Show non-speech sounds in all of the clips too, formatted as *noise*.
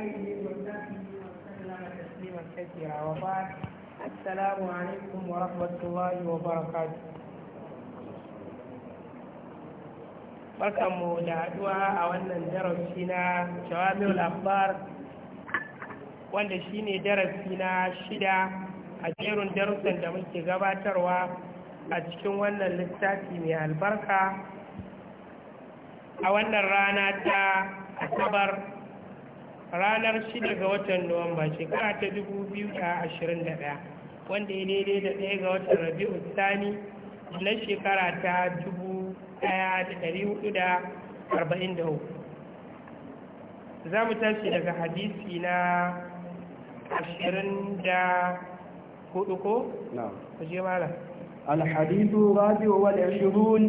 آله mu وسلم barkanmu da haɗuwa a wannan darasi na shawamil akbar wanda shine darasi na shida a jerin darussan da muke gabatarwa a cikin wannan littafi mai albarka a wannan rana ta asabar ranar 6 ga watan nuwamba shekara ta 2021 wanda ya daidai da ɗaya ga watan rabi'u Sani na shekara ta hudu. za mu tashi daga hadisi na 24 ko? na kuje mala الحديث الرابع والعشرون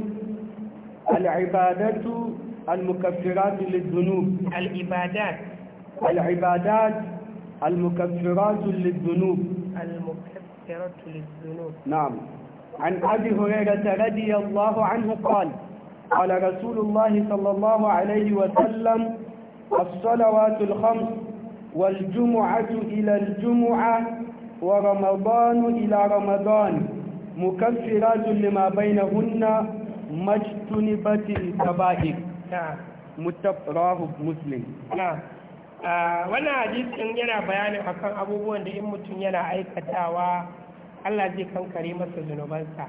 العبادة المكفرات للذنوب العبادات العبادات المكفرات للذنوب المكفرات للذنوب نعم عن أبي هريرة رضي الله عنه قال قال رسول الله صلى الله عليه وسلم الصلوات الخمس والجمعة إلى الجمعة ورمضان إلى رمضان مكفرات لما بينهن ما اجتنبت الكبائر نعم متفراه مسلم نعم Ah, wannan hadisin yana bayani akan abubuwan da in mutum yana aikatawa Allah zai kankare masa zunubansa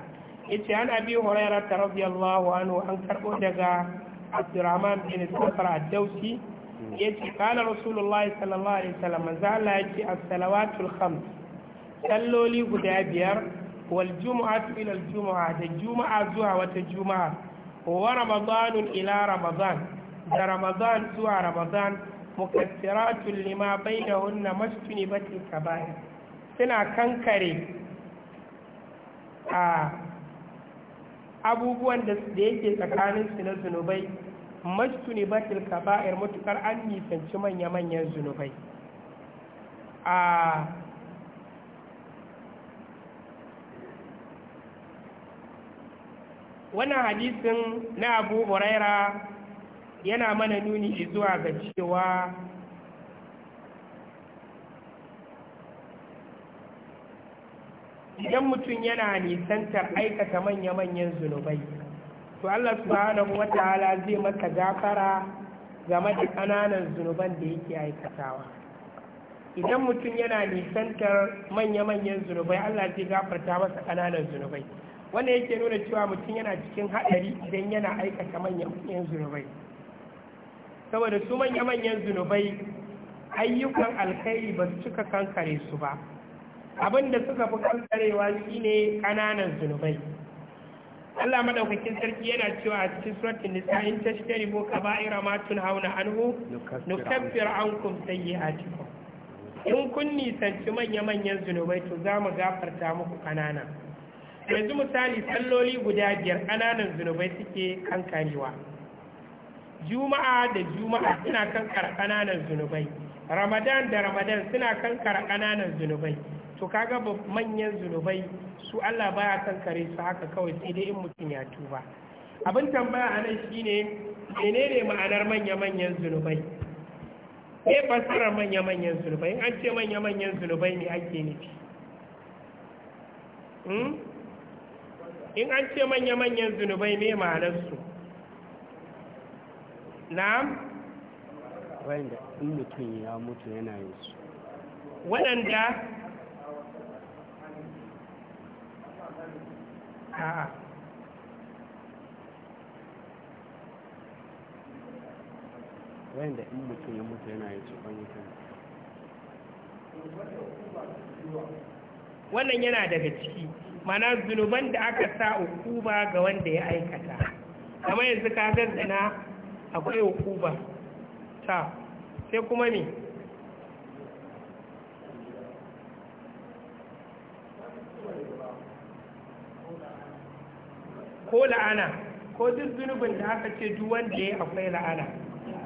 yace ana bi hurairah radiyallahu anhu an karbo daga Abdurrahman bin Safar ad-Dawsi yace kana Rasulullahi sallallahu alaihi wasallam manzo Allah yace as-salawatul khams salloli guda biyar wal jumu'atu ila al da juma'a zuwa wata juma'a wa ramadan ila ramadan da ramadan zuwa ramadan mukaffiratun lima bainahunna mastunibatil kaba'ir suna kankare a abubuwan da yake tsakaninsu na zunubai batil kaba'ir matukar an nisanci manya-manyan zunubai a wannan hadisin na abu huraira yana mana nuni zuwa ga cewa idan mutum yana nisantar aikata manya-manyan zunubai to Allah subhanahu wata'ala zai masa gafara game da ƙananan zunuban da yake aikatawa idan mutum yana nisantar manya-manyan zunubai Allah zai gafarta masa ƙananan zunubai wanda yake nuna cewa mutum yana cikin haɗari idan yana aikata manya-manyan zunubai saboda su manya-manyan zunubai ayyukan alkhairi ba su cika kankare su ba Abin da suka fi kankarewa shine ƙananan zunubai Allah madaukakin sarki yana cewa a cikin suratul nisa in tashtaribu kaba'ira ma hauna anhu nukaffir ankum sayyi'atikum in kun nisanci manya-manyan zunubai to za mu gafarta muku ƙanana yanzu misali salloli guda biyar ƙananan zunubai suke kankarewa juma'a da juma'a suna kankara ƙananan zunubai ramadan da ramadan suna kankara ƙananan zunubai to kaga manyan zunubai su Allah baya kankare su haka kawai sai dai in mutum ya tuba abin tambaya a nan shine menene ma'anar manya-manyan zunubai me fasara manya-manyan zunubai an ce manya-manyan zunubai ne ake nufi in an ce manya-manyan zunubai ne hmm? ma'anarsu na'am wanda in mutum ya mutu yana yin su waɗanda a'a waɗanda in mutum ya mutu yana yin su ban yi wannan yana daga ciki mana zunuban da aka sa uku ba ga wanda ya aikata kamar yanzu ka zazzana Akwai hukuba ta sai kuma ne ko la'ana ko duk zunubin da aka ce duk wanda ya akwai la'ana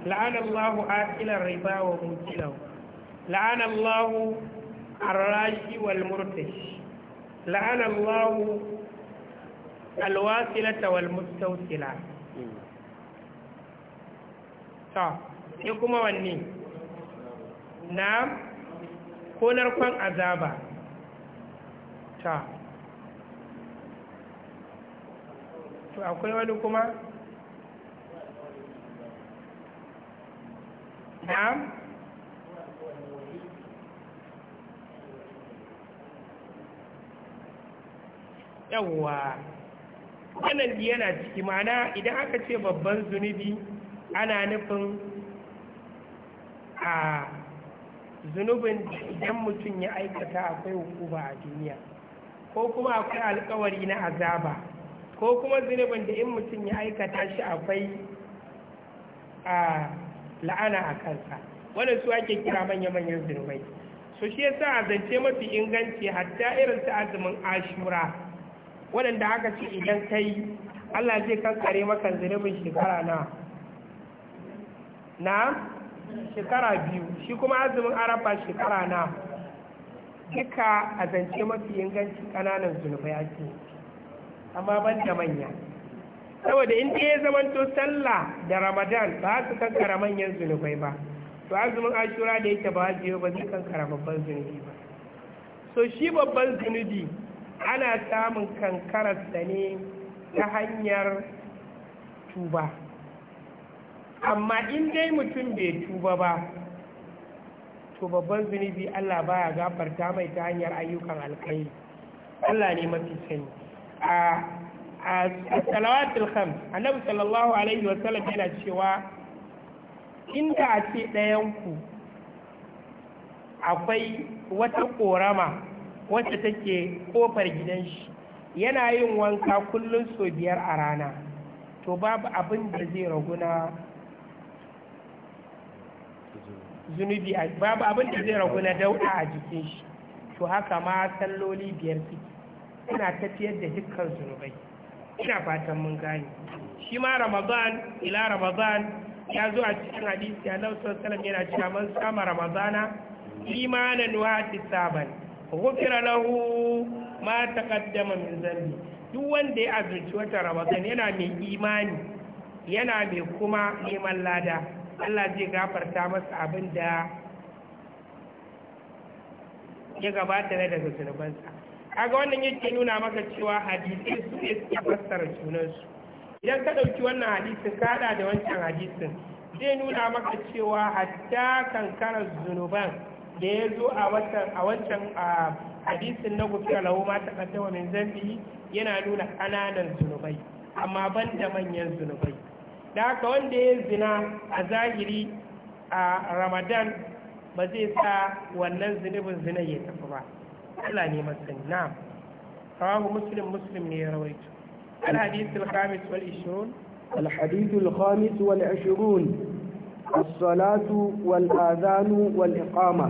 la'ana Allahu akilar raiba wa mutilau la'ana Allahu arrashi wal murtashi la'ana Allahu alwasilata wal mustawsila ta sai kuma wanne na ko narkon azaba ta to akwai wani kuma na yawwa wannan yana ciki mana idan aka ce babban zunubi ana nufin a zunubin idan mutum ya aikata akwai hukuma a duniya ko kuma akwai alkawari na azaba ko kuma zunubin da in mutum ya aikata shi akwai a la'ana a kansa wanda su ake kira manya-manyan zunubai Su shi yasa a zance mafi inganci hatta irin su azumin ashura waɗanda haka ce idan kai Allah zai kankare maka zunubin shekara na na shekara biyu shi kuma azumin arafa shekara na duka a zance mafi inganci kananan zunubai ake amma ban da manya saboda in ya zamanto sallah da ramadan ba su kankara manyan zunubai ba to azumin ashura da yake ba biyo ba zai kankara babban zunubi ba so shi babban zunubi ana samun kankararsa ne ta hanyar tuba amma in dai mutum bai tuba ba to babban zunubi Allah baya gafarta mai ta hanyar ayyukan alkai Allah ne mafi sani a salawatul kham annabi sallallahu alaihi wasallam yana cewa in a ce ku akwai wata ƙorama wacce take ƙofar gidan shi yana yin wanka kullum sau biyar a rana to babu abin da zai raguna zunubi babu abin da zai ragu na dauɗa a jikin shi to haka ma salloli biyar su ina tafiyar da dukkan zunubai ina fatan mun gane shi ma ramadan ila ramadan ya zo a cikin hadisi Allah sallallahu yana cewa man sama ramadana imanan wa tisaban ghufira lahu ma taqaddama min zambi duk wanda ya azurci wata ramadan yana mai imani yana mai kuma neman lada Allah zai gafarta masa abin da ya gabata na daga zunubansa ga wannan yake nuna maka cewa hadisi su ne suke fassara sunansu idan ka ɗauki wannan hadisin ka haɗa da wancan hadisin zai nuna maka cewa hatta kankarar zunuban da ya zo a wancan hadisin na gufiya lahu ma ta wa min zambi yana nuna ƙananan zunubai amma ban da manyan zunubai da haka wanda ya zina a zahiri a ramadan ba zai sa wannan zunubin zina ya tafi ba Allah ne masani na rawahu muslim muslim ne ya rawaito الحديث الخامس والعشرون الحديث الخامس والعشرون الصلاة والآذان والإقامة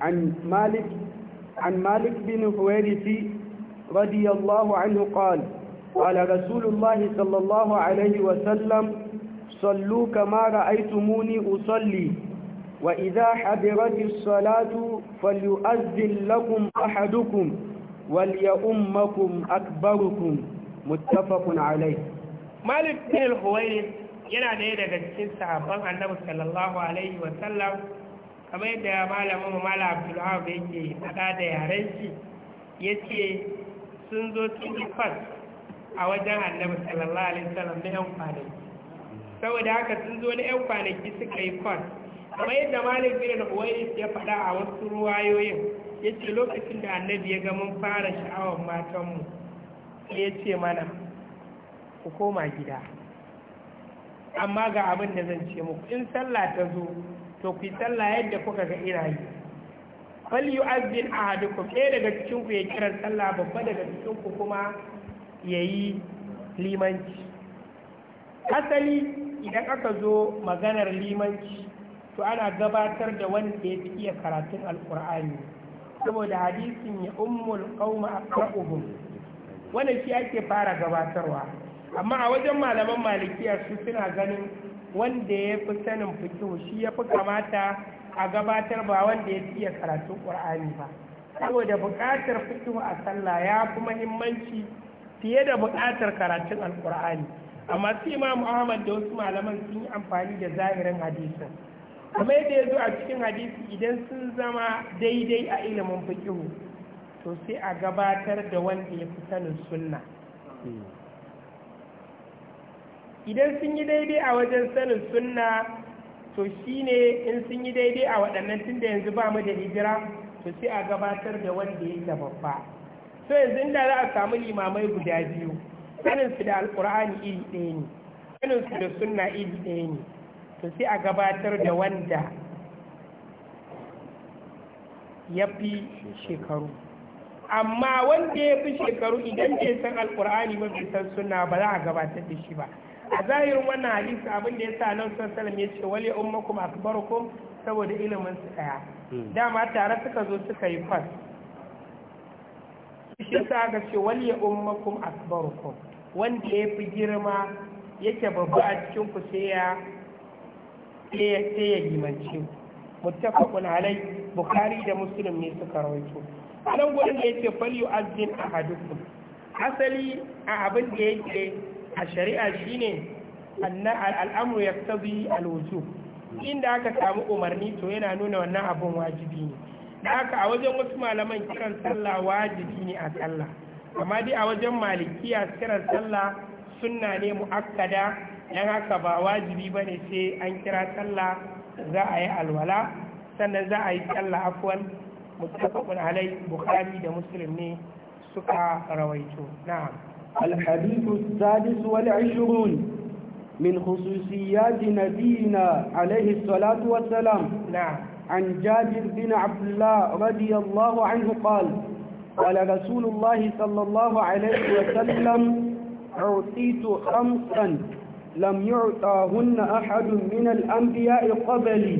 عن مالك عن مالك بن حويرث رضي الله عنه قال قال رسول الله صلى الله عليه وسلم صلوا كما رأيتموني أصلي وإذا حضرت الصلاة فليؤذن لكم أحدكم وليؤمكم أكبركم متفق عليه مالك بن الحويرث yana ɗaya daga cikin sahabban annabi sallallahu alaihi wa sallam kamar yadda malamin mala abdullahi yake faɗa da yaren shi yace sun zo cikin fas a wajen annabi sallallahu alaihi wasallam na yan kwanaki saboda haka sun zo na yan kwanaki suka yi kwan amma yadda malik bin al huwayis ya faɗa a wasu ruwayoyin yace lokacin da annabi ya ga mun fara sha'awar matanmu mu ya ce mana ku koma gida amma ga abin da zan ce muku in sallah ta zo to ku sallah yadda kuka ga yi fal yu'azzin ahadukum eh daga cikin ku ya kira sallah babba daga cikin ku kuma ya yi limanci asali idan aka zo maganar limanci to ana gabatar da wanda ya fi iya karatun alkur'ani saboda hadisin ya umul ummul a aqra'uhum wanda shi ake fara gabatarwa amma a wajen malaman malikiya su suna ganin wanda ya fi sanin fikihu shi ya fi kamata a gabatar ba wanda ya fi iya karatun ƙur'ani ba saboda buƙatar fikihu a sallah ya fi muhimmanci fiye da buƙatar karatun alƙur'ani amma su imamu ahmad da wasu malaman sun yi amfani da zahirin hadisin kuma yadda ya zo a cikin hadisi idan sun zama daidai a ilimin fikihu to sai a gabatar da wanda ya fi sanin sunna idan sun yi daidai a wajen sanin sunna to shine in sun yi daidai a waɗannan tun da yanzu ba mu da hijira to sai a gabatar da wanda ya da babba so yanzu inda za a samu limamai guda biyu sanin su da alkur'ani iri ɗaya ne sanin su da sunna iri ɗaya ne to sai a gabatar da wanda ya fi shekaru amma wanda ya fi shekaru idan ke san alkur'ani mafi san sunna ba za a gabatar da shi ba a zahirin wannan hadisi abin da ya sa nan salam ya ce wali ummakum akbarukum saboda ilimin su daya hmm. dama tare suka zo suka yi fas shi sa ga ce waliya ummakum akbarukum wanda ya fi girma yake babu a cikin ku sai ya sai ya limanci halai bukari bukhari da musulun ne suka rawaito a nan da yake falyu a ahadukum asali a abin da yake a shari'a shine al'amru a alwujub inda aka samu umarni to yana nuna wannan abin wajibi ne da haka a wajen wasu malaman kiran sallah wajibi ne a sallah amma dai a wajen malikiya kiran sallah sunna ne muakkada dan haka ba wajibi ba ne sai an kira sallah za a yi alwala sannan za a yi sallah afwan muttafaqun alai bukhari da muslim ne suka rawaito na'am الحديث السادس والعشرون من خصوصيات نبينا عليه الصلاة والسلام نعم عن جابر بن عبد الله رضي الله عنه قال قال رسول الله صلى الله عليه وسلم أعطيت خمسا لم يعطاهن أحد من الأنبياء قبلي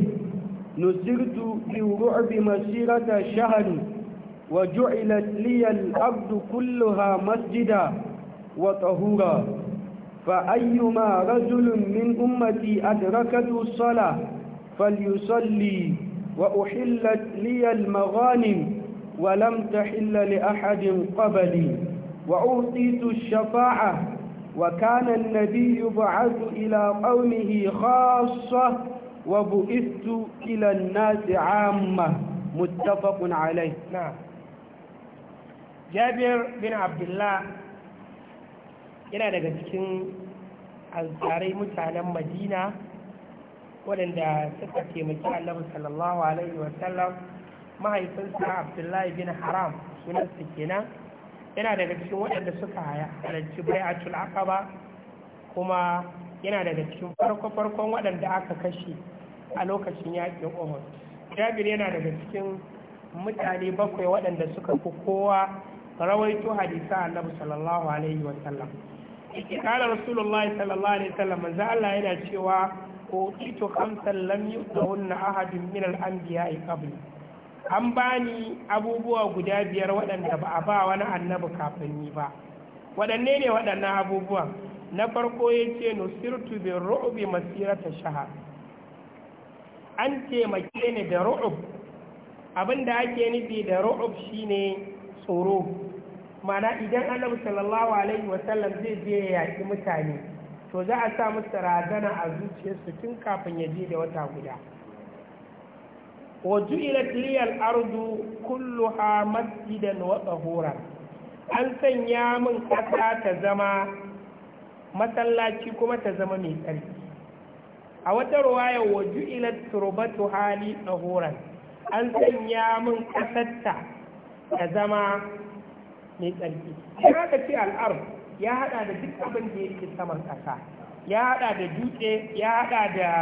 نسرت بالرعب مسيرة شهر وجعلت لي الأرض كلها مسجدا وطهورا فأيما رجل من أمتي أدركته الصلاة فليصلي وأحلت لي المغانم ولم تحل لأحد قبلي وأعطيت الشفاعة وكان النبي يبعث إلى قومه خاصة وبئثت إلى الناس عامة متفق عليه نعم جابر بن عبد الله yana daga cikin alƙarai mutanen madina waɗanda suka taimaki annabi sallallahu alaihi wasallam mahaifinsa abdullahi bin haram sunansa kenan yana daga cikin waɗanda suka halarci aka ba kuma yana daga cikin farko-farkon waɗanda aka kashe a lokacin yaƙin umar jabir yana daga cikin mutane bakwai waɗanda suka fi kowa rawaito hadisa annabi sallallahu alaihi wasallam ikikalar rasulullahi sallallahu alaihi wasallam manzo Allah yana cewa utitu kam sallam yu'tahunna ahadun min al-anbiya'i minar an bani abubuwa guda biyar waɗanda ba a ba wani annabi kafin yi ba waɗanne ne waɗannan abubuwan na farko ya ce nusirtu bi ru'ubi masirata shahar an taimake ni da ru'ub abinda ake nufi da ru'ub shine tsoro mana idan annabi sallallahu alaihi wasallam zai je ya yaki mutane to za a sa masa razana a zuciyarsu tun kafin ya je da wata guda waju ilatiliyar ardu ha masjidan wa tsahoran an sanya min ƙasa ta zama masallaci kuma ta zama mai tsarki a wata ruwaya waju turbatu hali tsahoran an sanya min ƙasarta ta zama mai tsarki. Kira ce al'ardu ya hada da duk abin da yake saman ƙasa ya hada da dutse ya hada da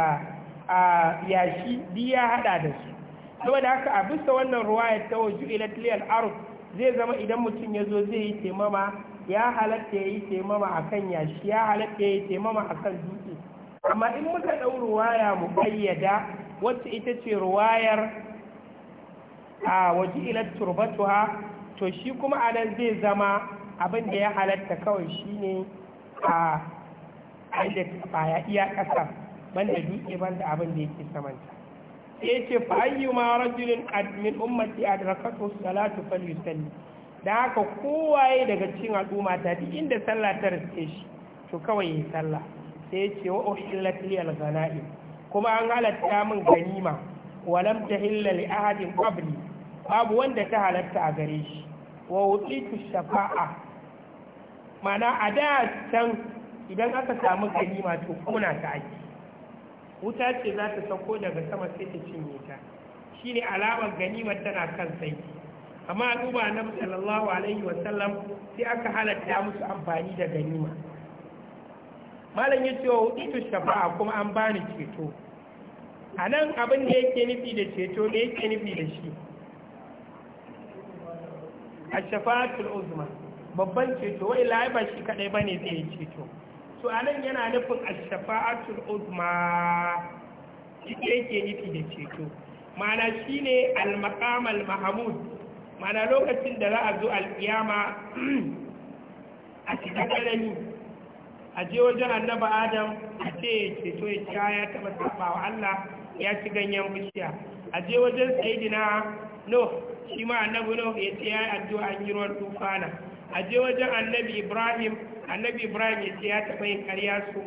yashi duk ya hada da su saboda haka a bisa wannan ruwaya ta waju ilatliyar aruf zai zama idan mutum ya zo zai yi taimama ya halatta ya yi taimama a kan yashi ya halatta ya yi taimama a kan dutse amma in muka ɗau ruwaya mu ƙayyada wacce ita ce ruwayar a waje ilar turbatuha to shi kuma anan zai zama abin da ya halatta kawai shine a aida baya iya ƙasa banda ban banda abin da yake samanta sai ce fa ma rajulin min ummati adrakatu salatu falyusalli da haka kowaye daga cikin al'umma ta duk inda sallah ta riske shi to kawai yi sallah sai ce wa uhillat li al kuma an halatta min ganima walam lam tahilla li ahadin qabli babu wanda ta halatta a gare shi wa utitu shafa'a mana a da can idan aka samu ganima to kuna ta ake wuta ce za ta sauko daga sama sai ta cinye ta shi ne alamar ganimar tana kan sai amma duba na musallallahu alaihi wasallam sai aka halatta musu amfani da ganima malam ya ce wa ito shafa'a kuma an bani ceto a nan abin da yake nufi da ceto da yake nufi da shi a shafa'atul uzma babban ceto wai la'ai ba shi kadai ba ne zai ceto to a nan yana nufin ashafa'atul uzma ita yake nufi da ceto mana shi ne almakamal mahamud mana lokacin da za a zo al-iyama *clears throat* a cikin ƙarami a je wajen annaba adam a ce ya ceto ya ci ya taɓa saba wa allah ya ci ganyen bishiya a je wajen sayidina no shi ma annabi no ya ce ya yi addu'a an yi ruwan tufana a je wajen annabi ibrahim annabi ibrahim ya ce ya taɓa yin ƙarya su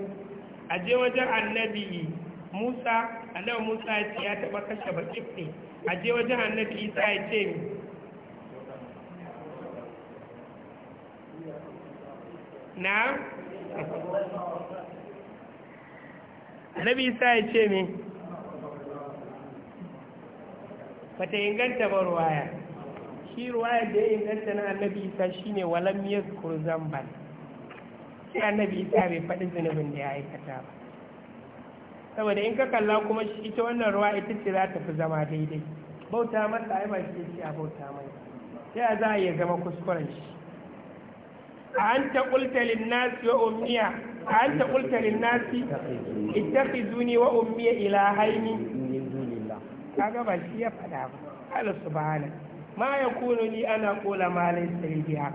a je wajen annabi musa annabi musa ya ce ya taɓa kashe bakifte a je wajen annabi isa ya ce mi na annabi isa ya ce mi ba ta inganta ba ruwaya shi ruwaya da ya inganta na annabi isa shine walam yazkur zamban shi annabi isa bai faɗi zunubin da ya aikata ba saboda in ka kalla kuma shi, ita wannan ruwa ita ce za ta fi zama daidai bauta masa ai ba shi ce a bauta mai ya za a iya zama kuskuren shi a an ta ƙultalin linnasi wa ummiya a an ta ita fi zuni wa ummiya ilahaini kaga ba shi ya faɗa ba Allah subhanahu ma ya kuno ni ana kola ma laisa biya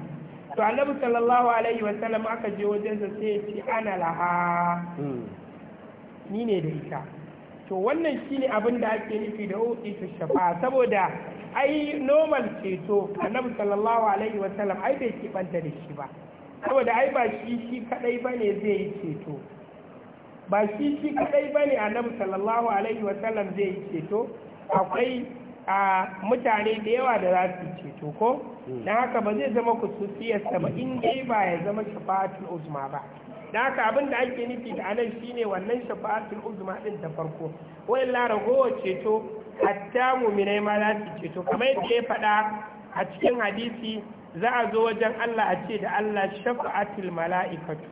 to annabi sallallahu alaihi wa sallam aka je wajen sa sai ya ce ana laha hmm. ni ne da ita to wannan shine abin da ake nufi da uki ta shafa saboda ai normal ceto annabi sallallahu alaihi wa sallam ai bai kibanta da shi ba saboda ai ba shi shi kadai bane zai yi ceto ba shi shi kadai bane annabi sallallahu alaihi wa sallam zai yi ceto akwai a mutane da yawa da za su ceto ko da hmm. haka ba zai zama kusurciyarsa ba in dai ba ya zama shafa'atul uzma ba da haka abin da ake nufi da anan shine wannan shafatul uzma ɗin ta farko wayan la ceto hatta mu'minai ma za su ceto kamar yadda ya faɗa a cikin hadisi za a zo wajen Allah a ce da Allah shafa'atul mala'ikatu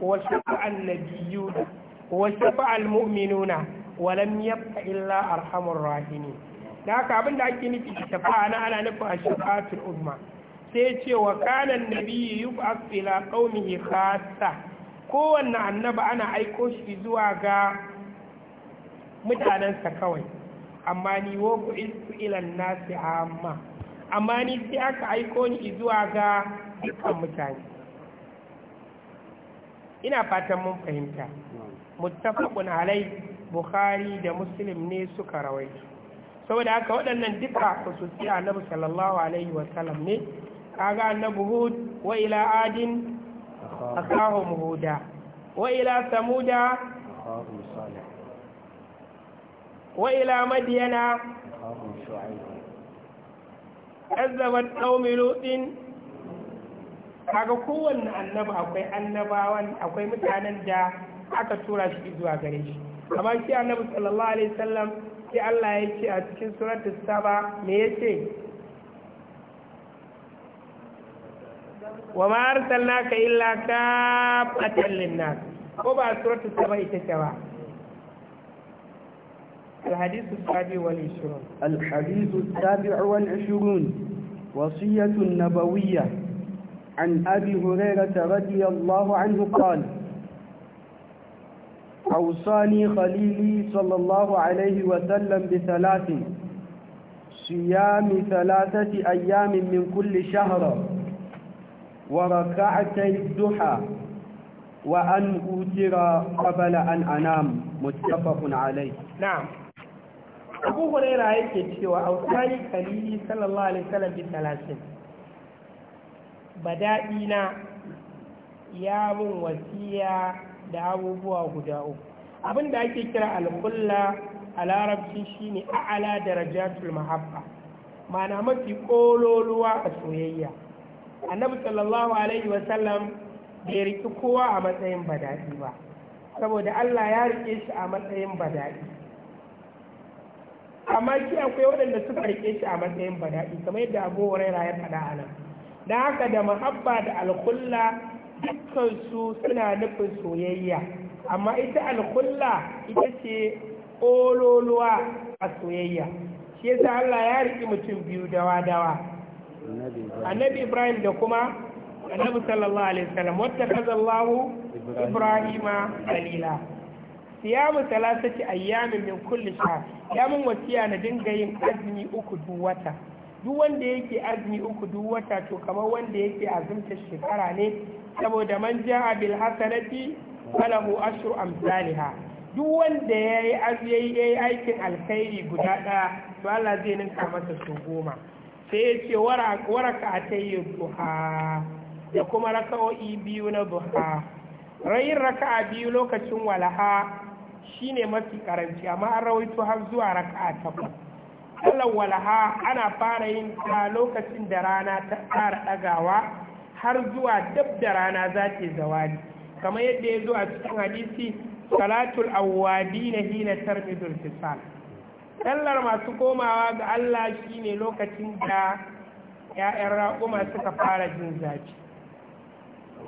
wa shafa'an nabiyuna wa shafa'al mu'minuna wa lam yabqa illa arhamur rahimin da haka abin da ake nufi da shafa'a na ana nufin a shafa'atul umma, sai ce wa kanan nabi yub'ath ila ya kasa. kowanne annaba ana aiko shi zuwa ga mutanensa kawai amma ni wo ku ilan nasi amma amma ni sai aka aiko ni zuwa ga dukkan mutane ina fatan mun fahimta muttafaqun alai bukhari da muslim ne suka rawaito saboda haka waɗannan duka kusurci annabi sallallahu alaihi wasallam ne kaga annabi hud wa ila adin akahum Muhuda, wa ila samuda wa ila madiyana kazzabat qaumi lutin kaga kowanne annabi akwai annabawan akwai mutanen da aka tura shi zuwa gare shi amma shi annabi sallallahu alaihi wasallam sai Allah ya ce a cikin suratul saba me yace wa ma arsalnaka illa kafatan linnas ko ba suratul saba ita ce ba الحديث السابع والعشرون الحديث السابع والعشرون وصية نبوية عن أبي هريرة رضي الله عنه قال أوصاني خليلي صلى الله عليه وسلم بثلاث صيام ثلاثة أيام من كل شهر وركعتي الضحى وأن أوتر قبل أن أنام متفق عليه نعم abu huraira yake cewa autari kalili sallallahu alaihi wasallam bi talatin badaɗi na ya mun wasiya da abubuwa guda uku abin da ake kira alƙulla a larabci shine a'ala darajatul mahabba ma'ana mafi ƙololuwa a soyayya annabi sallallahu alaihi wasallam bai riki kowa a matsayin badaɗi ba saboda allah ya rike shi a matsayin badaɗi. amma ki akwai waɗanda suka rike shi a matsayin badaɗi kamar yadda abu huraira ya faɗa a nan da haka da mahabba da alkulla dukkansu suna nufin soyayya amma ita alkulla ita ce ololuwa a soyayya shi yasa Allah ya riƙi mutum biyu dawa-dawa annabi ibrahim da kuma annabi sallallahu alaihi wasallam wata kazallahu ibrahima siyamu ayyamin min kulli shahr ya mun wasiya na dinga yin azumi uku duk wata duk wanda yake azumi uku duk wata to kamar wanda yake azumta shekara ne saboda man ja'a bil hasanati falahu ashru amsalha duk wanda yayi azumi yayi aikin alkhairi guda daya to Allah zai ninka masa su goma sai ya ce waraka atayyu duha da kuma raka'o'i biyu na duha rayin raka'a biyu lokacin walaha shine mafi karanci amma an rawaito har zuwa raka'a takwas sallar walaha ana fara yin ta lokacin da rana ta fara dagawa har zuwa dab da rana za ta zawali kamar yadda ya zo a cikin hadisi salatul awwadi na hina tarmidul fisal sallar masu komawa ga Allah shine lokacin da ‘ya'yan raƙuma suka fara jin zafi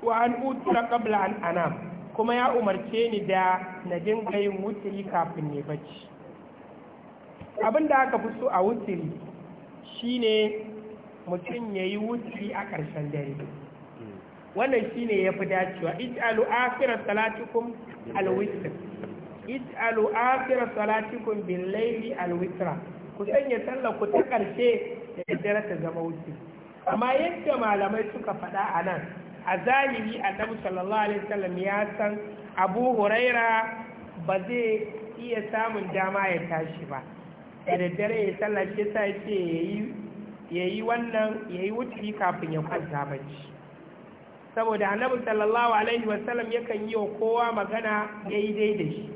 wa an utura qabla an anam kuma ya umarce ni da na dinga yin wuturi kafin ne bacci abin da aka fi so a shi ne mutum ya yi wutiri a ƙarshen dare wannan shi ne ya fi dacewa ij'alu akhirat salatikum alwitr ij'alu Afirar salatikun bin laili alwitra ku sanya sallar ku ta ƙarshe da daddare ta zama wutiri amma yadda malamai suka faɗa a nan a zahiri ɗan sallallahu alaihi wasallam ya san abu huraira ba zai iya samun dama ya tashi ba da dare, ya sallah shi sa ce yayi yayi wannan yayi wuturi kafin ya kwanta bacci saboda annabi sallallahu alaihi wasallam yakan yi wa kowa magana dai da shi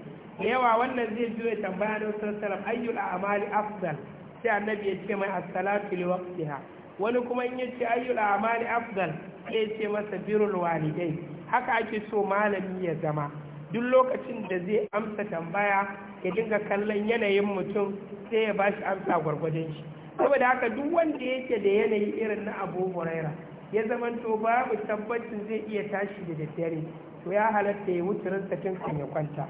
yawa wannan zai zo ya tambaya da sallallahu ayyul a'mali afdal sai annabi ya ce mai as-salatu li waqtiha wani kuma in yace ayyul a'mali afdal sai ya ce masa birrul walidai haka ake so malami ya zama duk lokacin da zai amsa tambaya ya dinga kallon yanayin mutum sai ya bashi amsa gwargwadon shi saboda haka duk wanda yake da yanayi irin na abu huraira ya zama to babu tabbacin zai iya tashi da daddare to ya halatta ya wuce tun kan ya kwanta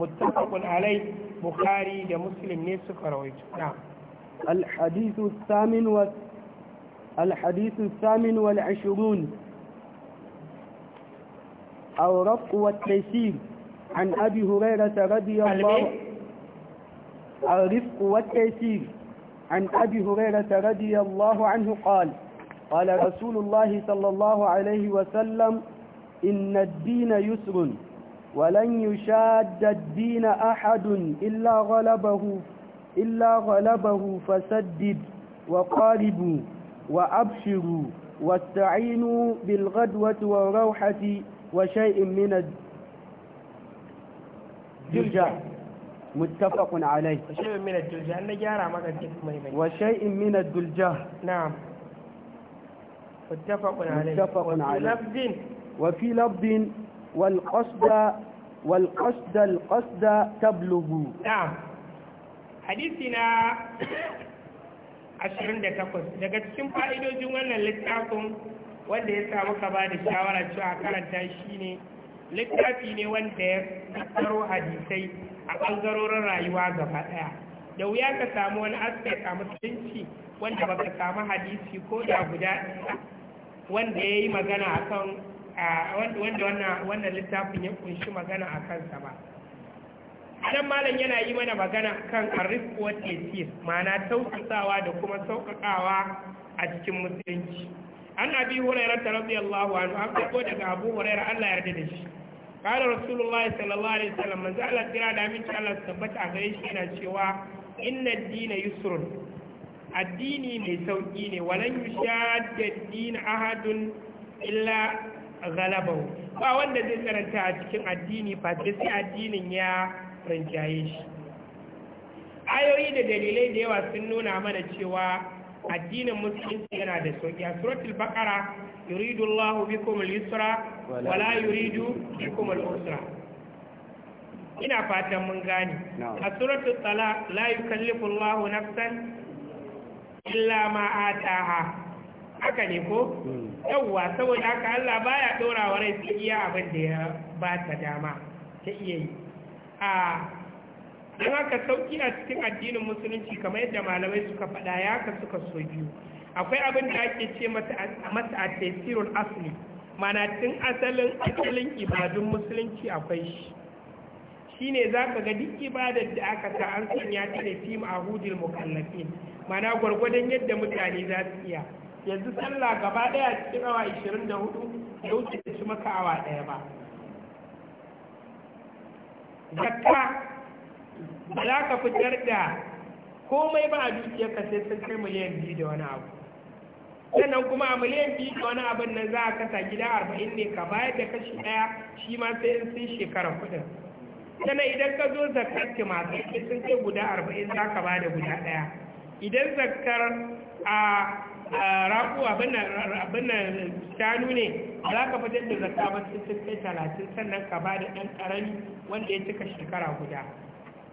muttafaqun alai bukhari da muslim ne suka rawaito na الحديث الثامن و... الثامن والعشرون والتيسير عن أبي هريرة رضي الله الرفق والتيسير عن أبي هريرة رضي الله عنه قال قال رسول الله صلى الله عليه وسلم إن الدين يسر ولن يشاد الدين أحد إلا غلبه إلا غلبه فسدد وقاربوا وأبشروا واستعينوا بالغدوة والروحة وشيء من الدين jilja muttafaqun alai wa shay'in min ad-dulja an gyara maka duk mai bai wa shay'in min ad-dulja na'am muttafaqun alai muttafaqun alai wa fi lafdin wal qasda wal qasda al qasda tablughu na'am hadisi na 28 daga cikin fa'idojin wannan littafin wanda ya samu ka ba da shawara cewa karanta shi ne littafi ne wanda ya tsaro hadisai a ɓangarorin rayuwa gaba ɗaya da wuya ka samu wani aspect a musulunci wanda ba ka samu hadisi ko da guda wanda ya yi magana a kan wanda wannan littafin ya kunshi magana a kansa ba adam malam yana yi mana magana kan wa tesis ma'ana tausasawa da kuma sauƙaƙawa a cikin musulunci Ana abi hurera ta rabi allahu anhu an fi ko daga abu hurera allah yarda da shi kare rasulullah sallallahu alaihi wasallam man zaala tira da min Allah tabbata gare shi yana cewa inna ad-din yusrun ad mai sauki ne walan yushadda ad-din ahadun illa ghalabahu ba wanda zai karanta a cikin addini, dini ba sai ad-dinin ya rinjaye shi ayoyi da dalilai da yawa sun nuna mana cewa addinin musulunci yana da sauki a suratul baqara yuridu Allahu bikum al-yusra wa la yuridu bikum al-usra ina fatan mun gane a suratul talaq la yukallifu Allahu nafsan illa ma ataha haka ne ko hmm. yawwa saboda haka Allah baya dora wa rai sai iya abin da ya ba ta dama ta iya yi a ah, don haka sauki a cikin addinin musulunci kamar yadda malamai suka faɗa ya ka suka so biyu akwai abin da ake ce mata a tesirul asli mana tun asalin asalin ibadun musulunci akwai shi shi ne za ka ga duk ibadar da aka ta an sanya ta da fi ma'ahudul mukallafin mana gwargwadon yadda mutane za su iya yanzu sallah gaba ɗaya cikin awa 24 ya wuce da shi maka awa ɗaya ba zakka ba za ka fitar da komai ba a ka sai sun kai miliyan biyu da wani abu sannan kuma a miliyan biyu da wani abin nan za a kasa gida arba'in ne ka bayar da kashi ɗaya shi ma sai in sun shekara kuɗin sannan idan ka zo zakar masu sai sun kai guda arba'in za ka ba da guda ɗaya idan zakar a rafu abin nan shanu ne za ka fitar da zakar ba sun kai talatin sannan ka ba da ɗan ƙarami wanda ya cika shekara guda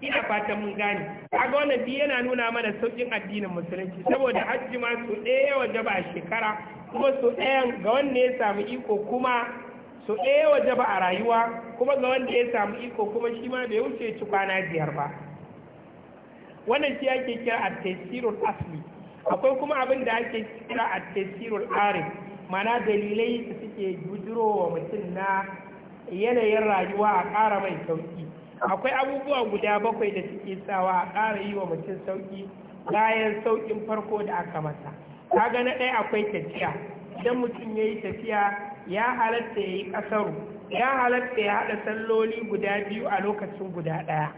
ina fatan mun gane kaga wannan biyu yana nuna mana saukin addinin musulunci saboda hajji ma su ɗaya waje ba a shekara kuma su ɗaya ga wanda ya samu iko kuma su ɗaya waje ba a rayuwa kuma ga wanda ya samu iko kuma shi ma bai wuce ci kwana biyar ba wannan shi ake kira a tesirul asli akwai kuma abin da ake kira a tesirul are mana dalilai da suke bujiro mutum na yanayin rayuwa a ƙara mai sauki akwai abubuwa guda bakwai da suke sawa a ƙara yi wa mutum sauƙi bayan sauƙin farko da aka masa kaga na ɗaya akwai tafiya idan mutum ya yi tafiya ya halatta ya yi ƙasaru ya halatta ya haɗa salloli guda biyu a lokacin guda ɗaya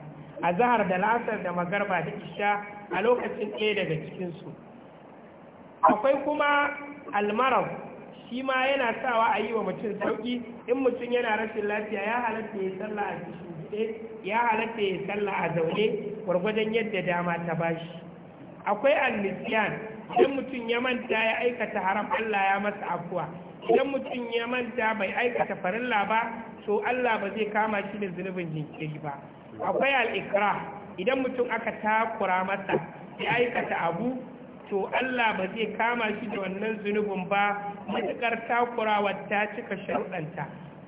a zahar da lasar da magarba da isha a lokacin ɗaya daga cikinsu akwai kuma almarar shi ma yana sawa a yi wa mutum sauƙi in mutum yana rashin lafiya ya halatta ya yi sallah a kwance ya halatta ya sallah a zaune gwargwadon yadda dama ta bashi akwai alnisiyan idan mutum ya manta ya aikata haram Allah ya masa afuwa idan mutum ya manta bai aikata farilla ba to Allah ba zai kama shi da zunubin jinkiri ba akwai al'ikra idan mutum aka takura masa ya aikata abu to Allah ba zai kama shi da wannan zunubin ba matukar takurawa ta cika sharuɗanta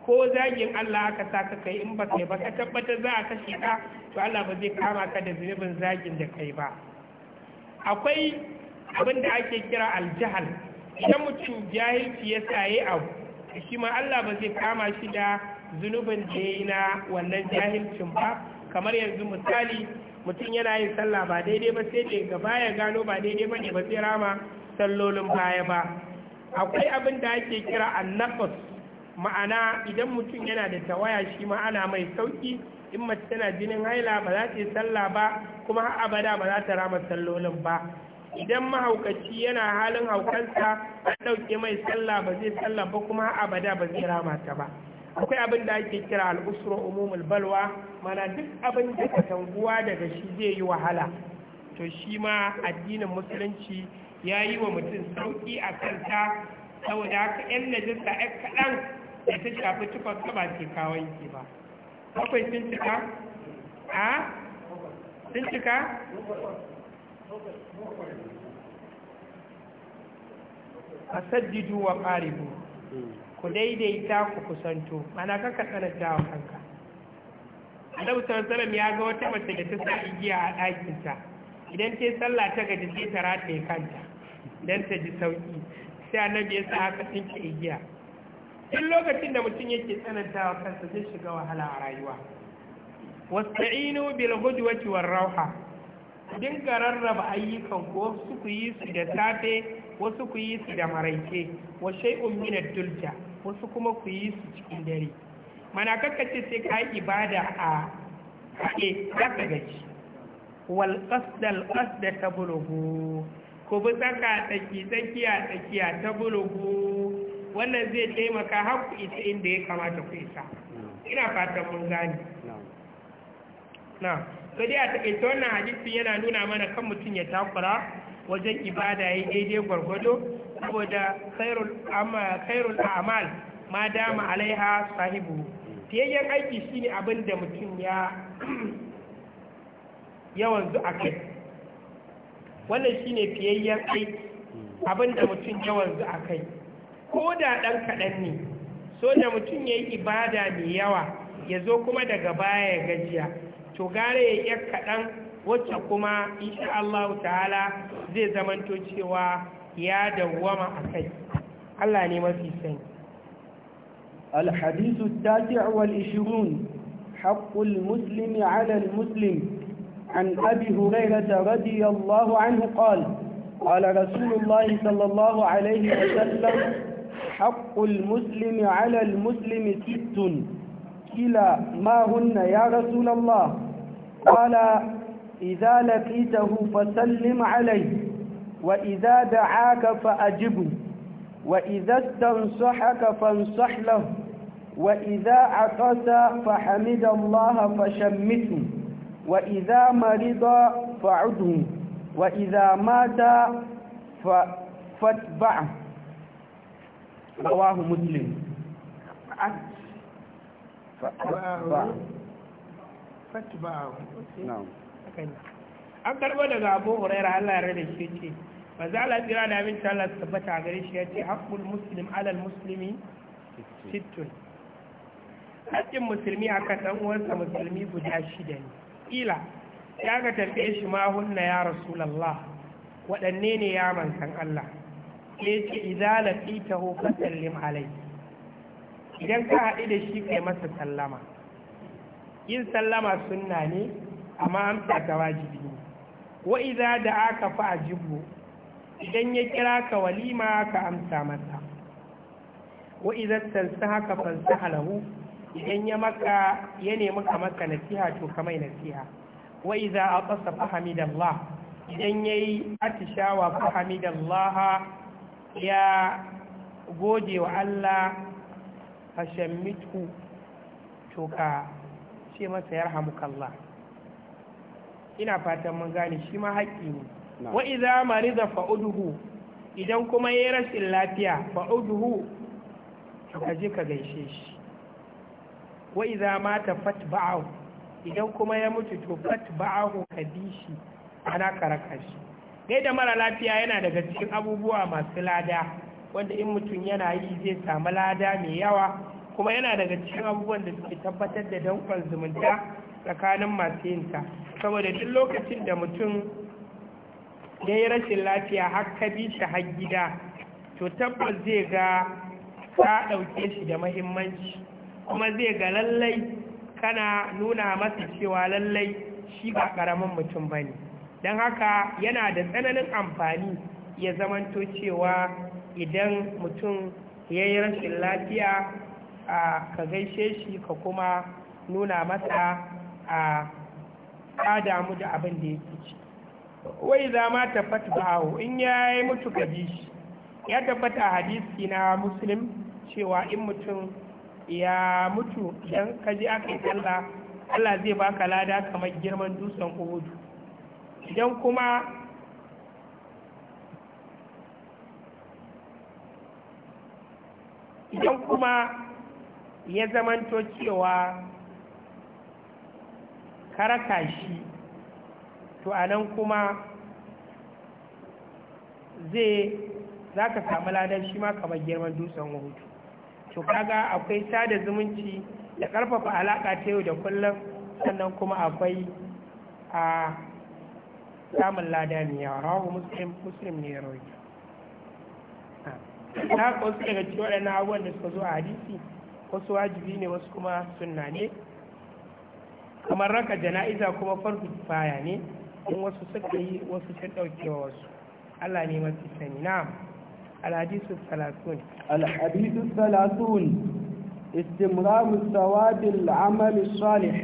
ko zagin Allah aka sa ka kai in ba kai ba ka tabbata za a kashe ka to Allah ba zai kama ka da zunubin zagin da kai ba akwai abin da ake kira aljahal idan mutum jahilci ya saye abu shi ma Allah ba zai kama shi da zunubin da ya yi na wannan jahilcin ba kamar yanzu misali mutum yana yin sallah ba daidai ba sai daga baya gano ba daidai ba ne ba sai rama sallolin baya ba akwai abin da ake kira annafas ma'ana idan mutum yana da tawaya shi ma ana mai sauki in mace tana jinin haila ba za ta yi sallah ba kuma har abada ba za ta rama sallolin ba idan mahaukaci yana halin haukansa a ɗauke mai sallah ba zai sallah ba kuma har abada ba zai rama ta ba akwai abin da ake kira al'usro umumul balwa mana duk abin da ka tanguwa daga shi zai yi wahala to shi ma addinin musulunci ya yi wa mutum sauki a kanta saboda haka 'yan najisa ɗan kaɗan da ta shafi tufar ka ba ce kawai ke ba bakwai sun cika a sun cika a saddidu wa ƙaribu ku daidaita ku kusanto mana ka tsananta wa kanka annabi sallallahu ya ga wata mace da ta sa igiya a ɗakinta idan ta yi sallah ta gaji sai ta rataye kanta don ta ji sauƙi. sai annabi ya sa haka tsinke igiya duk lokacin da mutum yake tsanantawa kansa zai shiga wahala a rayuwa wasta'inu bil ghudwati war rauha ka rarraba ayyukan ko wasu ku yi su da safe wasu ku yi su da maraice wa shay'un min ad-dulja wasu kuma ku yi su cikin dare mana ce sai ka yi ibada a kaɗe za ka gaji wal qasdal qasda tabluhu ku bi tsaka tsaki tsakiya tsakiya tabluhu wannan zai taimaka har ku isa inda ya kamata ku isa ina fatan mun gane na so dai a takaita wannan hadisi yana nuna mana kan mutum ya takura wajen ibada ya daidai gwargwado saboda khairul amal ma dama alaiha sahibu tiyayyen aiki shine abin da mutum ya yawan zu a kai wannan shine tiyayyen aiki abin da mutum yawan zu a kai ko da ɗan kaɗan ne so da mutum ya yi ibada mai yawa ya zo kuma daga baya ya gajiya to gare ya yi kaɗan wacce kuma insha Allah ta'ala zai zamanto cewa ya dawwama a kai Allah ne mafi sani الحديث التاسع والعشرون حق المسلم على المسلم عن أبي هريرة رضي الله عنه قال قال رسول الله صلى الله عليه وسلم حق المسلم على المسلم ست كلا ما هن يا رسول الله قال إذا لقيته فسلم عليه وإذا دعاك فأجبه وإذا استنصحك فانصح له وإذا عطس فحمد الله فشمته وإذا مرض فعده وإذا مات فاتبعه an karba daga abu huraira allah ya rada shi ce ba za a tsira da abin ta allah tabbata gare shi ya ce haƙƙul muslim alal muslimi sittun musulmi a kan ɗan uwansa musulmi guda shida ne ƙila ya ga tafiye shi ma hunna ya rasulallah waɗanne ne ya mantan allah sai ce idza laqitahu fasallim alai idan ka haɗu da shi kai masa sallama yin sallama sunna ne amma amsa ta wajibi ne wa 'iza da aka fa ajibu idan ya kira ka walima ka amsa masa wa idza tansahaka fansa halahu idan ya maka ya nemi ka maka nasiha to ka mai nasiha wa iza a tsasa fahamidallah idan ya yayi atishawa fahamidallah ya goge wa Allah fashammitu to ka ce masa Kalla. ina fatan mun gane shi ma haƙƙi ne wa idza marida fa'uduhu idan kuma yayi rashin lafiya fa'uduhu ka je ka gaishe shi wa idza mata fatba'u idan kuma ya mutu to fatba'u ka bi shi ana karaka shi da mara lafiya yana daga cikin abubuwa masu lada wanda in mutum yana yi zai samu lada mai yawa kuma yana daga cikin abubuwan da suke tabbatar da dankon zumunta tsakanin masu yinta saboda duk lokacin da mutum ya yi rashin lafiya har ka bi shi har gida to tabbas zai ga ka ɗauke shi da mahimmanci kuma zai ga lallai kana nuna masa cewa lallai shi ba ƙaramin mutum ba ne don haka yana da tsananin amfani ya zamanto cewa idan mutum ya yi rashin lafiya a ka gaishe shi ka kuma nuna masa a kada mu da abin da yake ci wai za ma tabbata ba in ya yi mutu gaji shi ya tabbata hadisi na muslim cewa in mutum ya mutu don kaji aka yi Allah zai baka lada kamar girman dutsen uhudu idan kuma idan kuma ya zamanto cewa karaka shi to a nan kuma zai za ka samu ladan shi ma kamar girman dutsen hutu to kaga akwai sada zumunci da karfafa alaƙa ta yau da kullum sannan kuma akwai a samun lada ne yawa rahu muslim muslim ne ya rawaito na ka wasu daga cikin waɗannan abubuwan da suka zo a hadisi wasu wajibi ne wasu kuma sunna ne kamar raka jana'iza kuma farko kifaya ne in wasu suka yi wasu sun ɗaukewa wasu Allah ne mafi sani na alhadisu salatun alhadisu salatun استمرار ثواب العمل الصالح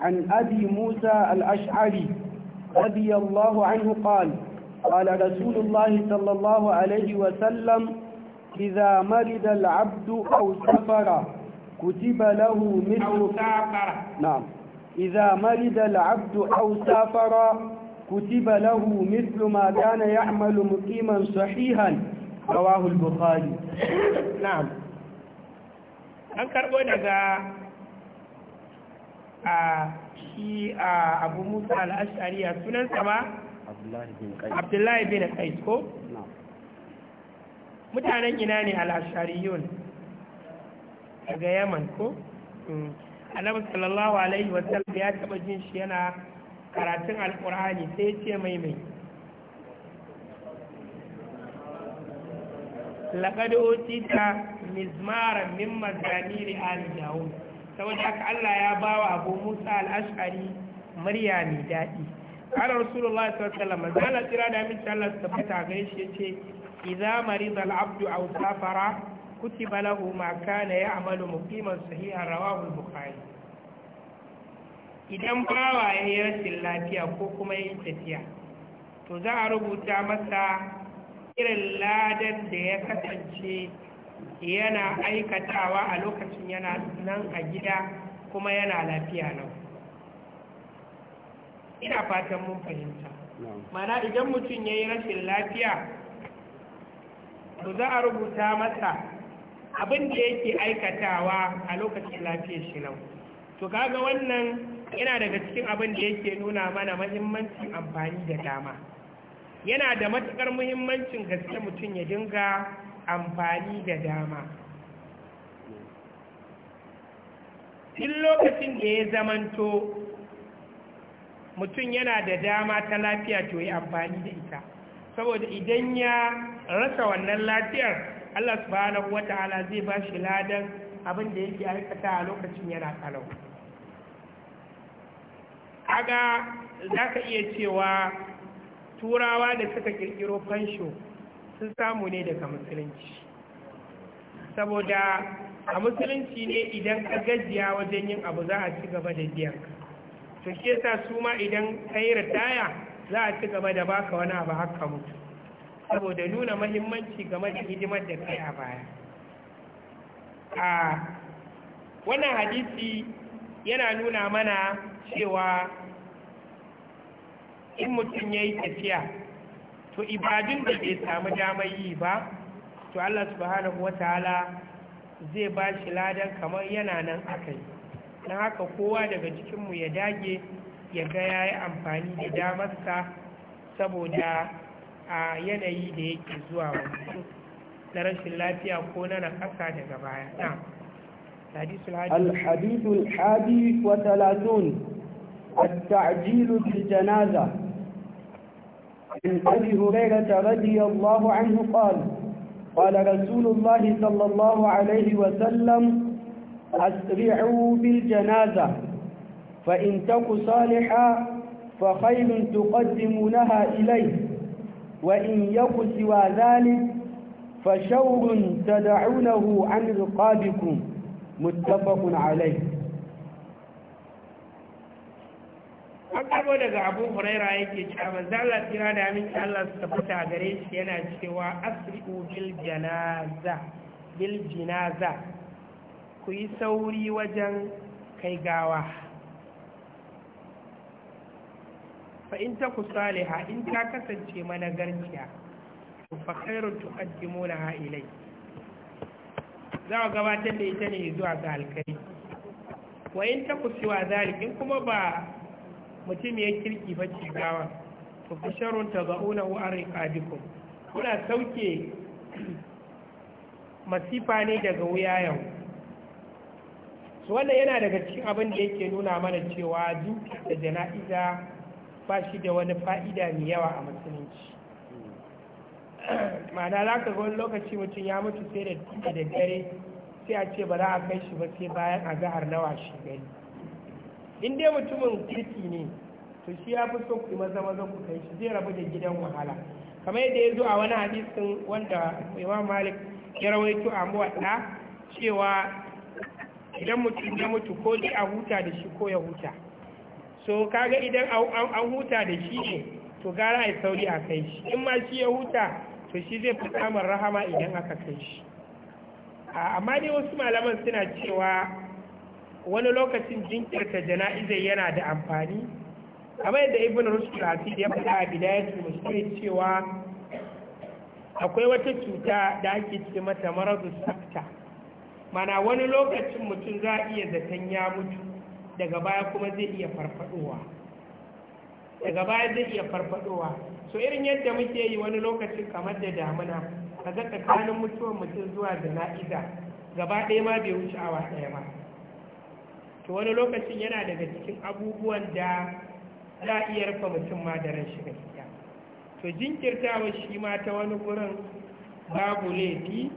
عن أبي موسى الأشعري رضي الله عنه قال قال رسول الله صلى الله عليه وسلم إذا مرض العبد أو سفر كتب له مثل أو سافر نعم إذا مرض العبد أو سافر كتب له مثل ما كان يعمل مقيما صحيحا رواه البخاري نعم an karɓo daga a shi a abu musa al'ashari a sunansa ba abdullahi bin kais ko mutanen ina ne Alashari al'ashariyun daga yaman ko hmm. annabi sallallahu alaihi wasallam ya taba jin shi yana karatun alkur'ani sai ce mai mai laqad utita mizmaran min mazamiri ali daud saboda haka Allah ya ba wa Abu Musa al-Ash'ari murya mai daɗi qala rasulullahi sallallahu alaihi wasallam zalla da min Allah tabbata ga shi yace idza marida al-abdu aw safara kutiba lahu ma kana ya'malu muqiman sahiha rawahu al-bukhari idan bawa ya yi rashin lafiya ko kuma ya yi tafiya to za a rubuta masa irin ladan da ya kasance yana aikatawa a lokacin yana nan a gida kuma yana lafiya nan ina fatan mun fahimta mana idan mutum ya yi rashin lafiya to za a rubuta masa abin da yake aikatawa a lokacin lafiya shi nan to kaga wannan yana daga cikin abin da yake nuna mana mahimmancin amfani da dama yana da matukar muhimmancin gaske mutum ya dinga amfani da dama tun lokacin da ya zamanto mutum yana da dama ta lafiya to yi amfani da ita saboda idan ya rasa wannan lafiyar Allah wata wata'ala zai ba shi ladan abin da yake aikata a lokacin yana kalau aga za ka iya cewa turawa da suka kirkiro fansho sun samu ne daga musulunci saboda a musulunci ne idan ka gajiya wajen yin abu za a ci gaba da biyan to shi yasa su ma idan ka yi ritaya za a ci gaba da baka wani abu haka mutu saboda nuna mahimmanci game da hidimar da kai a baya a wannan hadisi yana nuna mana cewa in mutum ya yi tafiya to ibadun da bai samu damar yi ba to Allah subhanahu wataala zai ba shi ladan kamar yana nan akai na haka kowa daga cikinmu ya dage ya ga ya yi amfani da damarsa saboda a yanayi da yake zuwa wasu na rashin lafiya ko na ƙasa daga baya na الحديث الحادي وثلاثون التعجيل بالجنازة عن أبي هريرة رضي الله عنه قال قال رسول الله صلى الله عليه وسلم أسرعوا بالجنازة فإن تك صالحا فخير تقدمونها إليه وإن يك سوى ذلك فشور تدعونه عن رقابكم متفق عليه an karbo daga abu huraira yake cewa manzo Allah tira da aminci Allah su tabbata a gare shi yana cewa asri'u bil janaza bil jinaza ku yi sauri wajen kai gawa fa in ta ku saliha in ta kasance managarciya fa khairun tuqaddimuna ilai za ku gabatar da ita ne zuwa ga alkai wa in ta ku siwa zalikin kuma ba mutum ya kirki bacci gawa to fi sharun ta za'una wa arqadikum kuna sauke *clears throat* masifa ne daga yau su wannan yana daga cikin abin da yake nuna mana cewa duk da jana'iza ba shi da wani fa'ida mai yawa a musulunci *clears throat* ma'ana za ka wani lokaci mutum ya mutu sai da dare sai a ce ba za a kai shi ba sai bayan a zahar nawa shi gani in dai mutumin kirki ne to shi ya fi so ku maza maza ku kai shi zai rabu da gidan wahala kamar yadda ya zo a wani hadisin wanda imam malik ya rawaito a muwaɗa cewa idan mutum ya mutu ko dai a huta da shi ko ya huta so kaga idan an huta da shi ne to gara a yi sauri a kai shi in ma shi ya huta to shi zai fi samun rahama idan aka kai shi amma dai wasu malaman suna cewa wani lokacin jinkirta jana'izai yana da amfani kamar yadda ibn rushd al-asir ya faɗa a bidayatul mushrik cewa akwai wata cuta da ake ce mata maradu sakta mana wani lokacin mutum za a iya zaton ya mutu daga baya kuma zai iya farfadowa daga baya zai iya farfadowa so irin yadda muke yi wani lokacin kamar da damuna a tsakanin mutuwar mutum zuwa jana'iza gaba ɗaya ma bai wuce awa ɗaya ba to wani lokacin yana daga cikin abubuwan da za a iya rufe mutum ma da ran shiga gaskiya to jinkirtawa shi ma ta wani gurin babu laifi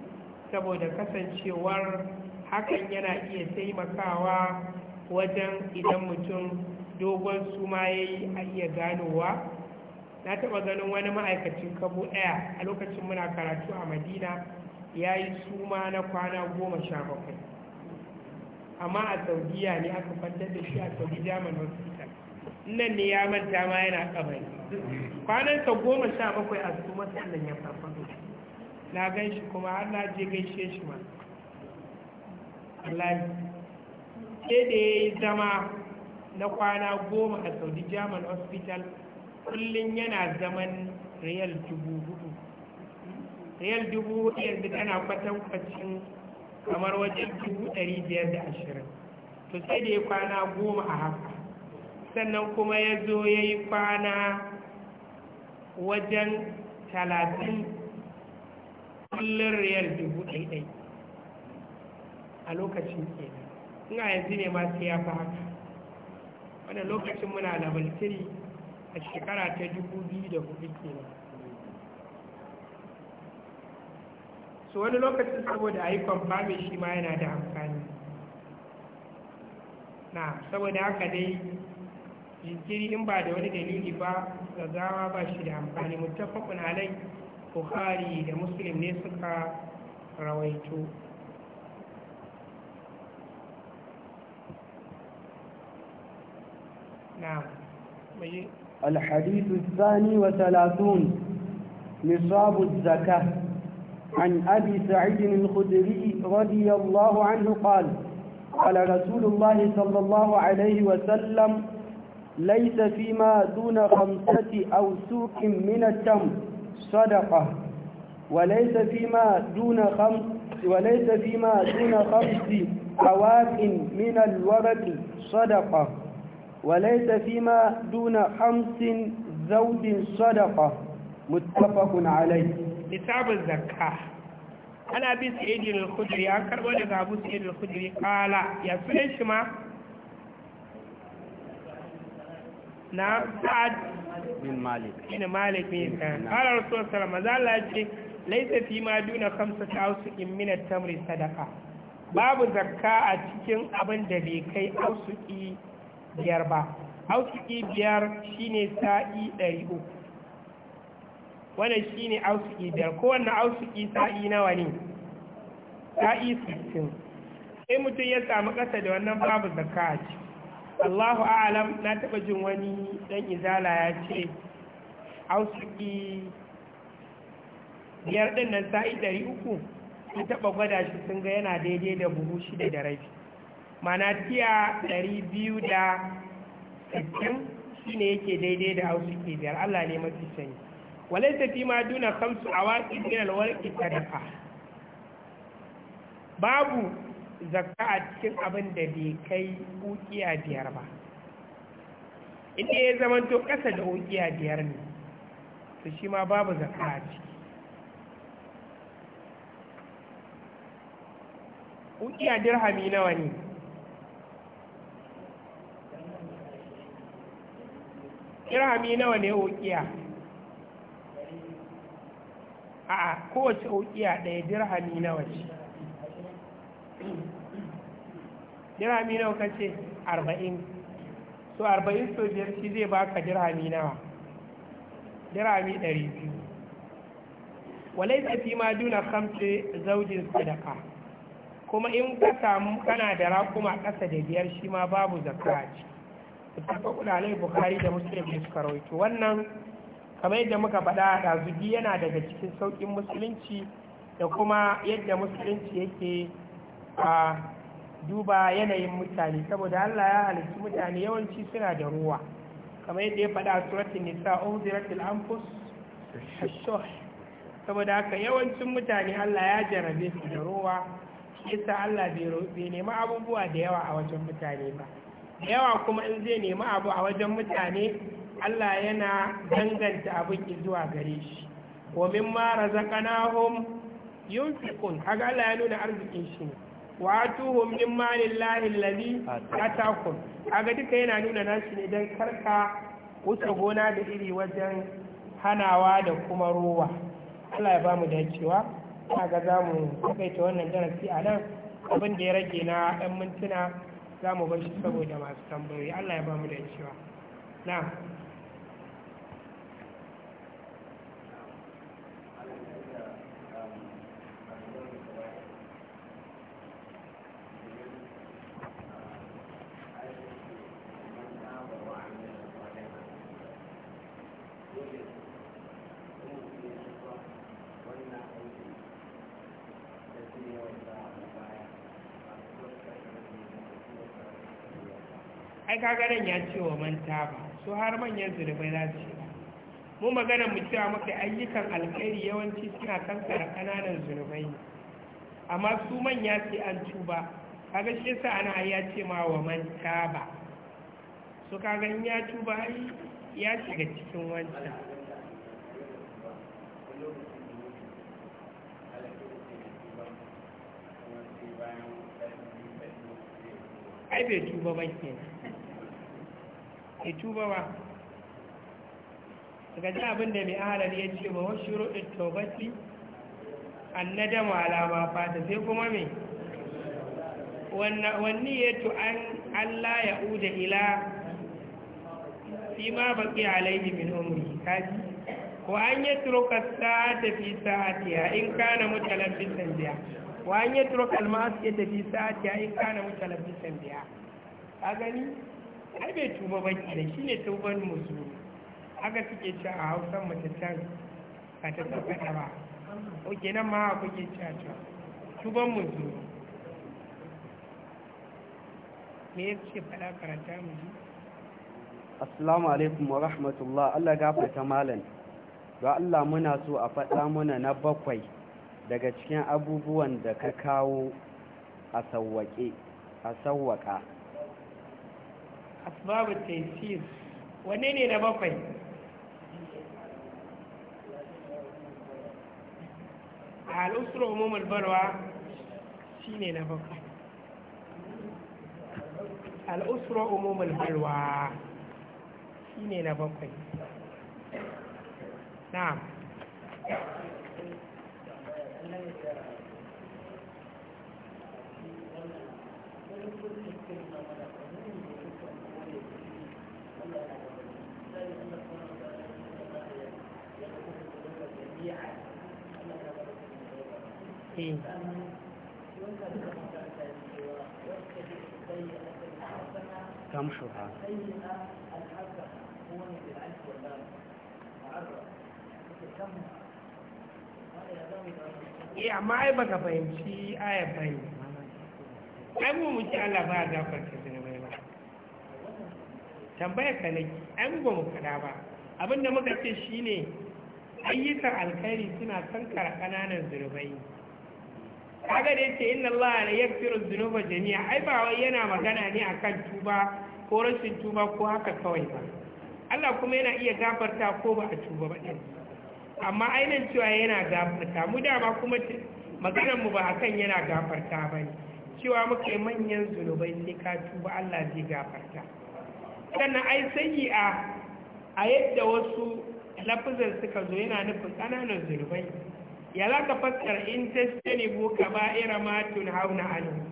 saboda kasancewar hakan yana iya taimakawa wajen idan mutum dogon suma ya yi a iya ganowa na taɓa ganin wani ma'aikacin kabo ɗaya a lokacin muna karatu a madina ya yi suma na kwana goma sha bakwai amma a saudiya ne aka kwantar da shi a saudi german hospital nan ne ya manta ma yana kwanan kwanansa goma sha bakwai a su matsalan ya farfado na gan shi kuma har na je gaishe shi ma wallahi ke da ya yi zama na kwana goma a saudi german hospital kullum yana zaman riyal dubu hudu riyal dubu hudu yanzu tana kwatankwacin kamar wajen dubu ɗari biyar da ashirin to sai da ya kwana goma a haka sannan kuma ya zo ya yi kwana wajen talatin kullum riyar dubu ɗaiɗai a lokacin kenan ina yanzu ne ma sai ya fi haka wanda lokacin muna labar a shekara ta dubu biyu da hudu kenan to wani lokacin saboda a yi kwamfami shi ma yana da amfani na saboda haka dai jinkiri in ba da wani dalili ba da zama ba shi da amfani mutafakun alai buhari da muslim ne suka rawaito نعم الحديث الثاني وثلاثون نصاب الزكاة عن أبي سعيد الخدري رضي الله عنه قال قال رسول الله صلى الله عليه وسلم ليس فيما دون خمسة أو سوق من التمر صدقة وليس فيما دون خمس وليس فيما دون خمس حواف من الورق صدقة وليس فيما دون خمس زود صدقة متفق عليه nisabin zakka ana bi su al-khudri an karbo da abu su al-khudri kala ya sunan shi ma na sa'ad bin malik bin malik bin kala eh. rasul sallallahu alaihi wasallam laisa fi ma duna khamsati awsuqin min at-tamri sadaqa babu zakka a cikin abin da bai kai awsuqi biyar ba awsuqi biyar shine sa'i ɗari uku. wannan shi ne ausiki biyar kowanne ausiki sa'i nawa ne sa'i sittin. sai mutum ya samu ƙasa da wannan babu zaka ce Allahu a'alam na taɓa jin wani ɗan izala ya ce ausiki biyar ɗin nan sa'i ɗari uku sun taɓa gwada shi sun ga yana daidai da buhu shida da rabi mana tiya ɗari biyu da shi ne yake daidai da Ausuƙi biyar Allah ne mafi sanyi walaysa fi ma duna a waƙi min alwarqi sadaqa babu zakka a cikin abin da bai kai ukiya biyar ba inda ya zama to kasa da ukiya biyar ne to shi ma babu zakka a ciki ukiya dirhami nawa ne dirhami nawa ne ukiya a'a kowace ukiya ɗaya dirhami nawa ce dirhami nawa ka ce arba'in so arba'in so biyar shi zai baka dirhami nawa dirhami ɗari biyu walai tafi ma duna kamce zaujin sadaka kuma in ka samu kana da rakuma ƙasa da biyar shi ma babu zakaraci ta faɗa alai bukari da muslim ne suka rawaito wannan kamar yadda muka faɗa ɗazugi yana daga cikin saukin musulunci da kuma yadda musulunci yake a duba yanayin mutane saboda Allah ya halittu mutane yawanci suna da ruwa kamar yadda ya faɗa suratun nisa ohziratul a ashuh saboda haka yawancin mutane Allah ya jarabe su da ruwa isa Allah bai nema abubuwa da yawa a wajen mutane ba da yawa kuma in zai nema abu a wajen mutane Allah yana danganta abin zuwa gare shi wa mimma razaqnahum yunfiqun haga Allah ya nuna arzikin shi wa atuhum min malillahi allazi atakum haga duka yana nuna nashi ne dan karka wuce gona da iri wajen hanawa da kuma ruwa Allah ya bamu dacewa kaga za mu kaita wannan darasi a nan abin da ya rage na ɗan mintuna za mu bar shi saboda masu tambayoyi Allah ya bamu dacewa na'am kagaran ya ce wa manta ba su har manyan zurbai za su shiga mu maganar mu cewa maka ayyukan alkhairi yawanci suna kankara kananan zunubai ne amma su manya sai an tuba kaga shi yasa ana ya ce ma wa manta ba su kaga ya tuba ai ya shiga cikin wancan ai bai tuba ba kenan bai tuba ba daga ji abin da mai ahalar ya ce ba wasu ruɗin tobati an na dama alama fata sai kuma mai wanni ya to an allah ya uda ila fi ma baƙi alaihi min umri kaji wa an yi turuka sa'ata fi sa'atiya in kana mutalabbisan biya wa an yi turuka almasu ya tafi sa'atiya in kana mutalabbisan biya a gani ai bai tuba ba kenan shine tuban musu haka suke ci a hausa mace can ba ta tabbata ba oke nan ma kuke ci a can tuban musu me ya ce fada karanta mu ji assalamu alaikum wa rahmatullah Allah gafarta malam ga Allah muna so a faɗa muna na bakwai daga cikin abubuwan da ka kawo a sawwaƙe a sawwaƙa asbabu taysir wane ne na bakwai a al'usra umumul barwa shi ne na bakwai al'usra umumul barwa shi ne na bakwai na'am eh تمحها eh amma ai baka fahimci aya bane ai mu mu ci Allah ba ga farka da bai ba tambaya ka ai mu mu kada abinda muka ce shine ayyukan alkhairi suna kankara ƙananan zurbai kaga da yake inna allaha la yaghfiru dhunuba jami'a ai ba wai yana magana ne akan tuba ko rashin tuba ko haka kawai ba Allah kuma yana iya gafarta ko ba a tuba ba din amma ainin cewa yana gafarta mu da ba kuma maganar mu ba akan yana gafarta ba ne cewa muke manyan zunubai sai ka tuba Allah zai gafarta sannan ai sai a yadda wasu lafazan suka zo yana nufin kananan zunubai يلا تفكر إن تستنبوا كبائر ما تنهون عنه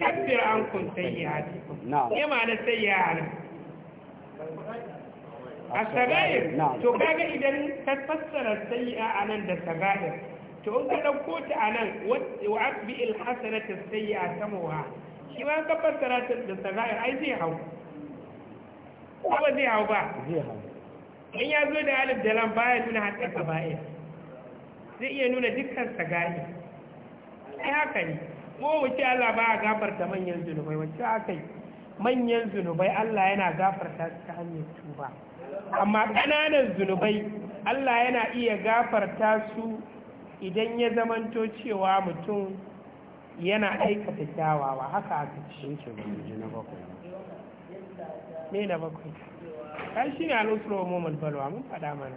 كفر عنكم سيئاتكم نعم يمعنى إيه سيئانا السغائر نعم. تقاق إذن تتفسر السيئة عنان دا سغائر تقاق لو كوت عنان وعطب الحسنة السيئة سموها كما تفسر السغائر أي زيحو أو زيحو با زيحو إن يزود ألف دلان باية دون حتى كبائر zai iya nuna dukkan sagari ai haka ne mu mu ce Allah ba gafarta manyan zunubai wacce haka yi manyan zunubai Allah yana gafarta su ta hanyar tuba amma kananan zunubai Allah yana iya gafarta su idan ya zamanto cewa mutum yana aikata kyawawa haka aka ce ne na bakwai ta shi ne al'usro mu mun faɗa mana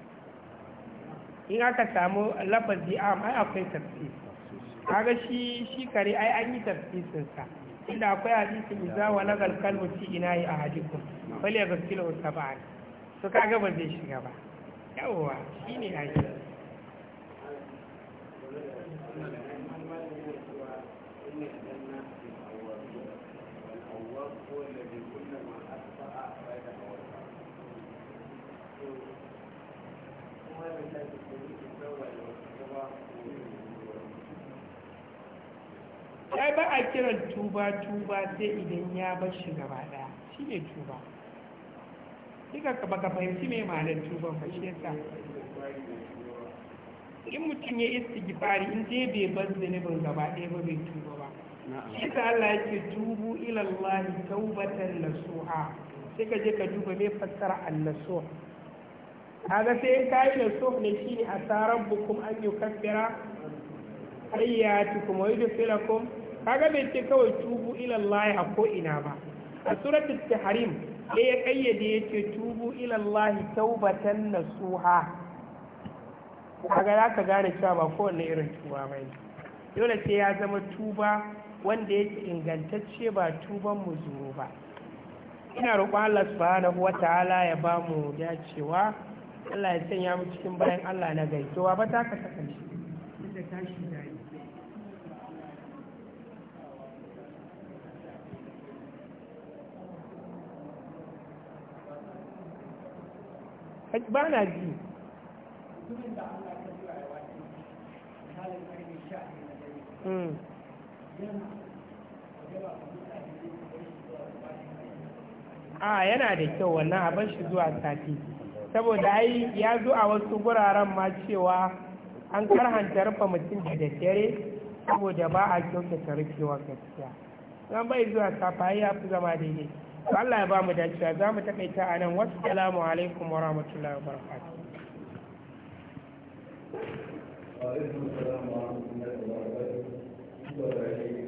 in aka samu lafazi am ai akwai tafsir kaga shi shi kare ai an yi tafsirin sa inda akwai iza idza walagal kalbu fi inai ahadikum fal yaghsilu sab'an to kaga ba zai shiga ba yawa shine ai Thank you. sai ba a kiran tuba tuba sai idan ya bar shi gaba daya shi ne tuba duka ka baka fahimci mai ma'anar tuba ba shi yasa in mutum ya gifari in je bai bar ban gaba ɗaya ba bai tuba ba shi ta Allah yake tubu ilallahi Allah taubatan nasuha sai ka je ka duba mai fassara an-nasuh kaga sai in kayi nasuh ne shine asaran bukum an yukaffira ayyatukum wa yudfilakum kaga bai ce kawai tubu ilallahi a ko'ina ba a suratul tahrim da ya kayyade ya ce tubu ilallahi taubatan nasuha kaga za ka gane cewa ba kowane irin tuba ba ne dole sai ya zama tuba wanda yake ingantacce ba tuban mu zuru ba ina roƙon Allah subhanahu wataala ya ba mu dacewa Allah ya sanya mu cikin bayan Allah na gaisuwa ba ta ka ba na ji hmm. a yana da kyau wannan abin shi zuwa sati saboda ai ya zo a wasu guraren ma cewa an karhanta rufe mutum da daddare saboda ba a kyautata rufewa gaskiya zan bai zuwa safa ya fi zama daidai Allah ya ba mu dacewa za mu takaita a nan wasu salamu alaikum wa rahmatullahi wa barakatuh وعليكم wa rahmatullahi wa وبركاته